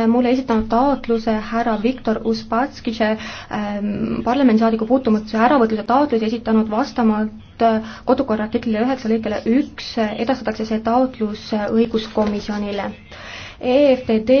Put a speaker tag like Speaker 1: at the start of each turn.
Speaker 1: Äh, mulle esitanud taotluse härra Viktor Uspatskise ähm, parlamendisaadiku puutumatuse äravõtluse taotluse esitanud vastamalt äh, kodukorra artiklile üheksa lõikele üks äh, edastatakse see taotlus äh, õiguskomisjonile. EFTD